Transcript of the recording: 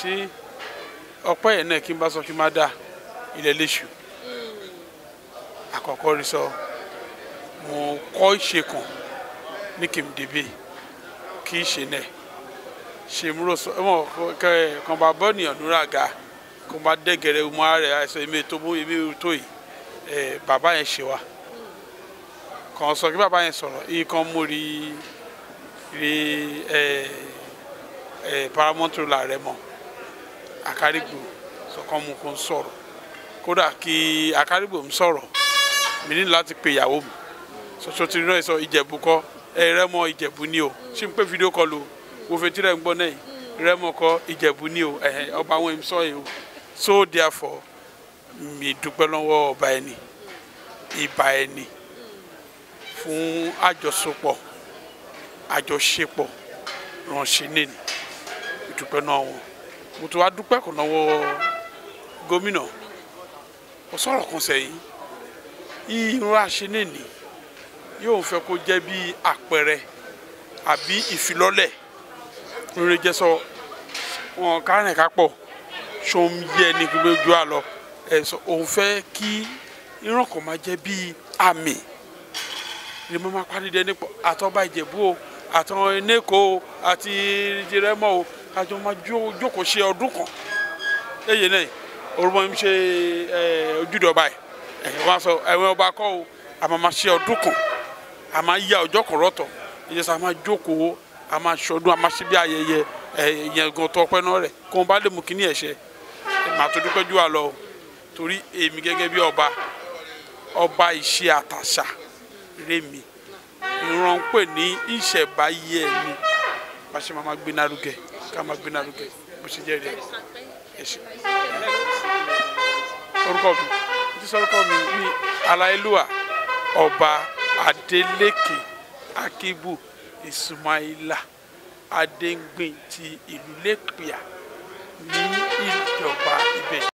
ṣé ọpẹ́ yẹn náà kí n bá sọ kí n má dà ilẹ̀ léṣu àkọ́kọ́ rí sọ mo kọ́ ìṣe kan ní kí n dèbè kí ìṣe náà ṣe múrò sọ ẹmọ kẹ kàn bá bọ́ nìyàn lóra ga kó bá dẹ́gẹ̀rẹ́ ọmọ rẹ̀ àìsàn èmi tó bó èmi tó yìí ẹ bàbá yẹn ṣe wa kàn sọ kí bàbá yẹn sọ̀rọ̀ iye kan mú rí rí ẹ ẹ paramount rola rẹ mọ́ akárìgbò sọkàn mu kò ń sọ̀rọ̀ kódà kí akárìgbò ń sọ̀rọ̀ mi ní láti pe ìyàwó mi sọ̀tún tí náà sọ ìjẹ̀bù kọ́ ẹ rẹ́mọ ìjẹ̀bù ni o ṣé n pé fídíò kọ́ lo wo fetí rẹ̀ ń gbọ́ náà rẹ́mọ kọ́ ìjẹ̀bù ni o ọba àwọn èmi yìí o so therefore mi dúpẹ́ lọ́wọ́ ọba ẹni ìbá ẹni fún àjọsopọ̀ àjọṣepọ̀ ránṣẹ́ nìyí ìdúpẹ́ náà wọn mo ti wá dúpẹ́ kò náwó gómìnà ó sọ̀rọ̀ kan sẹ́yìn irun àṣenéèní yóò fẹ́ kó jẹ́ bí àpẹẹrẹ àbí ìfilọ́lẹ̀ rere jẹ́ sọ wọn kárìn kápọ̀ ṣòun yẹ ní gbogbo ojú àlọ́ ẹ̀sọ́ òun fẹ́ kí irun kan máa jẹ́ bí àmì ni mo máa parí dé nípò àtọ́ba ìjẹ̀bú o àtọ́ enéko àti ìrẹ́mọ o kájọ máa jókòó ṣe ọdún kan ẹyẹ náà orúkọ mi ṣe ojúdọ̀ báyìí wọ́n sọ ẹ̀wọ̀n ọba kọ́ o àmọ́ máa ṣe ọdún kan a máa ya ọjọ́ kan rọ́tọ̀ ìjẹsà a máa jókòó a máa ṣọdún a máa ṣe bí ayẹyẹ ìyẹn gan tọpẹ́ náà rẹ̀ kó wọn bá lè mú kíní ẹ̀ màá tó dúpẹ́ jù wá torí èmi gẹ́gẹ́ bí ọba ọba ìṣe àtàṣà rémi ìran ní ìṣẹ̀báyé ẹ̀mí bá ṣe máa gbé nárugẹ kama binaruke busijeri yesu orúkọ mi jísọ orúkọ mi ni aláìlúwa ọba adeleke akíbu ismaila adéǹgbìn ti ìlú lẹ́pìà ní ìjọba ibẹ̀.